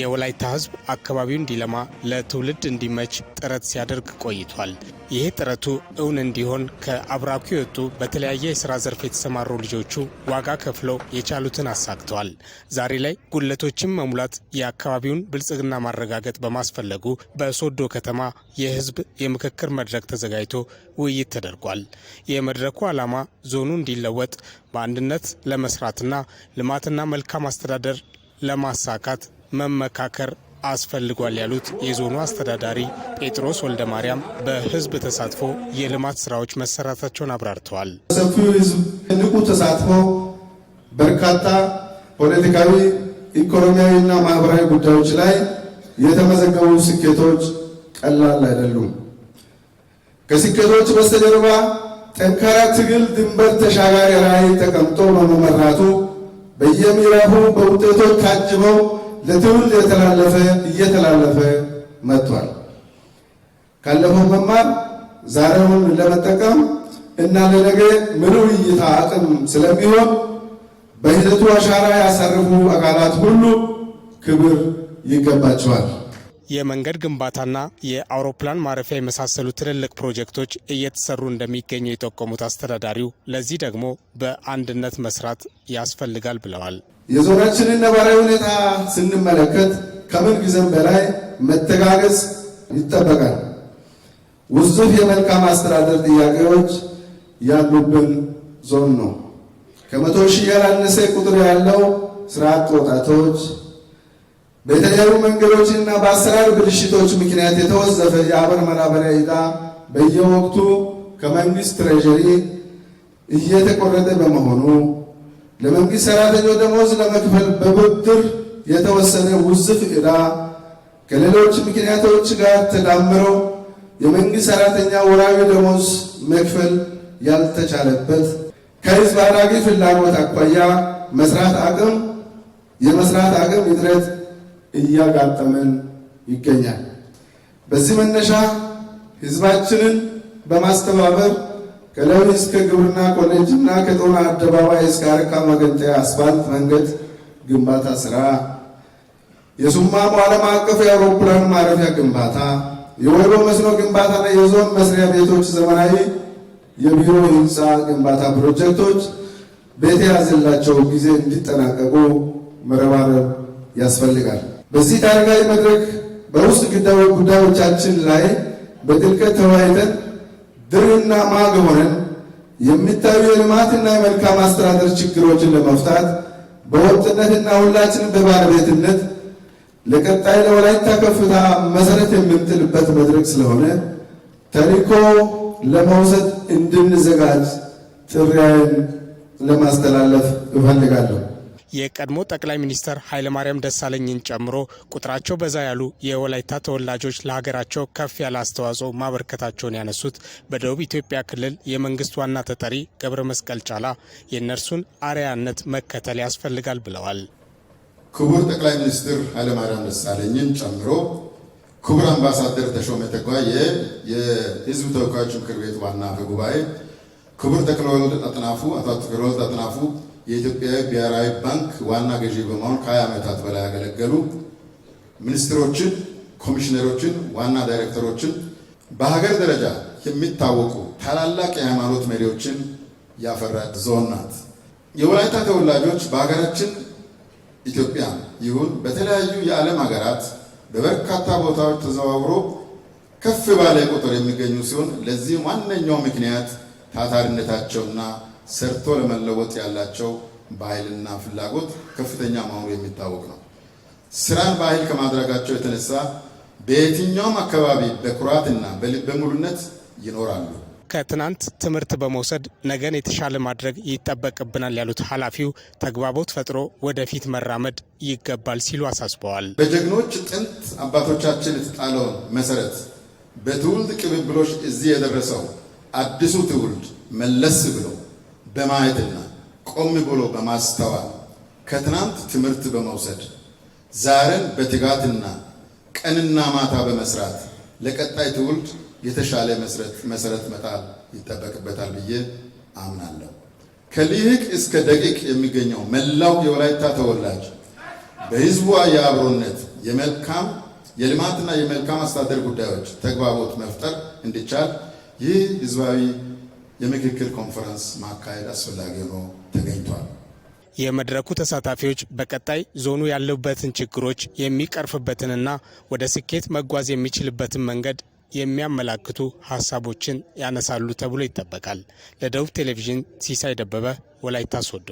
የወላይታ ህዝብ አካባቢውን እንዲለማ ለትውልድ እንዲመች ጥረት ሲያደርግ ቆይቷል። ይህ ጥረቱ እውን እንዲሆን ከአብራኩ የወጡ በተለያየ የስራ ዘርፍ የተሰማሩ ልጆቹ ዋጋ ከፍለው የቻሉትን አሳክተዋል። ዛሬ ላይ ጉለቶችን መሙላት የአካባቢውን ብልጽግና ማረጋገጥ በማስፈለጉ በሶዶ ከተማ የህዝብ የምክክር መድረክ ተዘጋጅቶ ውይይት ተደርጓል። የመድረኩ ዓላማ ዞኑ እንዲለወጥ በአንድነት ለመስራትና ልማትና መልካም አስተዳደር ለማሳካት መመካከር አስፈልጓል ያሉት የዞኑ አስተዳዳሪ ጴጥሮስ ወልደ ማርያም በህዝብ ተሳትፎ የልማት ስራዎች መሰራታቸውን አብራርተዋል። ሰፊው ህዝብ ንቁ ተሳትፎ በርካታ ፖለቲካዊ፣ ኢኮኖሚያዊ እና ማህበራዊ ጉዳዮች ላይ የተመዘገቡ ስኬቶች ቀላል አይደሉም። ከስኬቶች በስተጀርባ ጠንካራ ትግል ድንበር ተሻጋሪ ራዕይ ተቀምጦ በመመራቱ በየምዕራፉ በውጤቶች ታጅበው ለትውልድ የተላለፈ እየተላለፈ መጥቷል። ካለፈው መማር ዛሬውን ለመጠቀም እና ለነገ ምሉ እይታ አቅም ስለሚሆን በሂደቱ አሻራ ያሳረፉ አካላት ሁሉ ክብር ይገባቸዋል። የመንገድ ግንባታና የአውሮፕላን ማረፊያ የመሳሰሉ ትልልቅ ፕሮጀክቶች እየተሰሩ እንደሚገኙ የጠቆሙት አስተዳዳሪው ለዚህ ደግሞ በአንድነት መስራት ያስፈልጋል ብለዋል። የዞናችንን ነባራዊ ሁኔታ ስንመለከት ከምን ጊዜም በላይ መተጋገዝ ይጠበቃል። ውዙፍ የመልካም አስተዳደር ጥያቄዎች ያሉብን ዞን ነው። ከመቶ ሺህ ያላነሰ ቁጥር ያለው ስራ አጥ ወጣቶች በተለያዩ መንገዶችና በአሰራር ብልሽቶች ምክንያት የተወዘፈ የአበር መራበሪያ ዕዳ በየወቅቱ ከመንግስት ትሬዠሪ እየተቆረጠ በመሆኑ ለመንግስት ሰራተኞች ደሞዝ ለመክፈል በብድር የተወሰነ ውዝፍ ዕዳ ከሌሎች ምክንያቶች ጋር ተዳምረው የመንግስት ሰራተኛ ወራዊ ደሞዝ መክፈል ያልተቻለበት ከህዝብ አድራጊ ፍላጎት አኳያ መስራት አቅም የመስራት አቅም እጥረት እያጋጠመን ይገኛል። በዚህ መነሻ ህዝባችንን በማስተባበር ከለሚ እስከ ግብርና ኮሌጅ እና ከጦና አደባባይ እስከ አረካ መገንጠያ አስፋልት መንገድ ግንባታ ስራ፣ የሱማሙ ዓለም አቀፍ የአውሮፕላን ማረፊያ ግንባታ፣ የወይሮ መስኖ ግንባታና የዞን መስሪያ ቤቶች ዘመናዊ የቢሮ ህንፃ ግንባታ ፕሮጀክቶች በተያዘላቸው ጊዜ እንዲጠናቀቁ መረባረብ ያስፈልጋል። በዚህ ታሪካዊ መድረክ በውስጥ ጉዳዮቻችን ላይ በጥልቀት ተወያይተን ድርና ማግ ሆነን የሚታዩ የልማትና የመልካም አስተዳደር ችግሮችን ለመፍታት በወጥነትና ሁላችንም በባለቤትነት ለቀጣይ ለወላይታ ከፍታ መሰረት የምንጥልበት መድረክ ስለሆነ ተሪኮ ለመውሰድ እንድንዘጋጅ ጥሪዬን ለማስተላለፍ እፈልጋለሁ። የቀድሞ ጠቅላይ ሚኒስተር ኃይለማርያም ደሳለኝን ጨምሮ ቁጥራቸው በዛ ያሉ የወላይታ ተወላጆች ለሀገራቸው ከፍ ያለ አስተዋጽኦ ማበርከታቸውን ያነሱት በደቡብ ኢትዮጵያ ክልል የመንግስት ዋና ተጠሪ ገብረ መስቀል ጫላ የእነርሱን አርያነት መከተል ያስፈልጋል ብለዋል። ክቡር ጠቅላይ ሚኒስትር ኃይለማርያም ደሳለኝን ጨምሮ ክቡር አምባሳደር ተሾመ ተጓየ የህዝብ ተወካዮች ምክር ቤት ዋና አፈ ጉባኤ፣ ክቡር ተክለወልድ አጥናፉ አቶ ተክለወልድ አጥናፉ የኢትዮጵያ ብሔራዊ ባንክ ዋና ገዢ በመሆን ከ ከ20 ዓመታት በላይ ያገለገሉ ሚኒስትሮችን፣ ኮሚሽነሮችን፣ ዋና ዳይሬክተሮችን በሀገር ደረጃ የሚታወቁ ታላላቅ የሃይማኖት መሪዎችን ያፈራ ዞን ናት። የወላይታ ተወላጆች በሀገራችን ኢትዮጵያ ይሁን በተለያዩ የዓለም ሀገራት በበርካታ ቦታዎች ተዘዋውሮ ከፍ ባለ ቁጥር የሚገኙ ሲሆን ለዚህም ዋነኛው ምክንያት ታታሪነታቸውና ሰርቶ ለመለወጥ ያላቸው ባህልና ፍላጎት ከፍተኛ መሆኑ የሚታወቅ ነው። ስራን ባህል ከማድረጋቸው የተነሳ በየትኛውም አካባቢ በኩራትና በልበ ሙሉነት ይኖራሉ። ከትናንት ትምህርት በመውሰድ ነገን የተሻለ ማድረግ ይጠበቅብናል ያሉት ኃላፊው ተግባቦት ፈጥሮ ወደፊት መራመድ ይገባል ሲሉ አሳስበዋል። በጀግኖች ጥንት አባቶቻችን የተጣለውን መሰረት በትውልድ ቅብብሎች እዚህ የደረሰው አዲሱ ትውልድ መለስ ብለው በማየትና ቆም ብሎ በማስተዋል ከትናንት ትምህርት በመውሰድ ዛሬን በትጋትና ቀንና ማታ በመስራት ለቀጣይ ትውልድ የተሻለ መሰረት መጣል ይጠበቅበታል ብዬ አምናለሁ። ከሊህቅ እስከ ደቂቅ የሚገኘው መላው የወላይታ ተወላጅ በህዝቡ የአብሮነት የመልካም የልማትና የመልካም አስተዳደር ጉዳዮች ተግባቦት መፍጠር እንዲቻል ይህ ህዝባዊ የምክክል ኮንፈረንስ ማካሄድ አስፈላጊ ሆኖ ተገኝቷል። የመድረኩ ተሳታፊዎች በቀጣይ ዞኑ ያለበትን ችግሮች የሚቀርፍበትንና ወደ ስኬት መጓዝ የሚችልበትን መንገድ የሚያመላክቱ ሀሳቦችን ያነሳሉ ተብሎ ይጠበቃል። ለደቡብ ቴሌቪዥን ሲሳይ ደበበ ወላይታ ሶዶ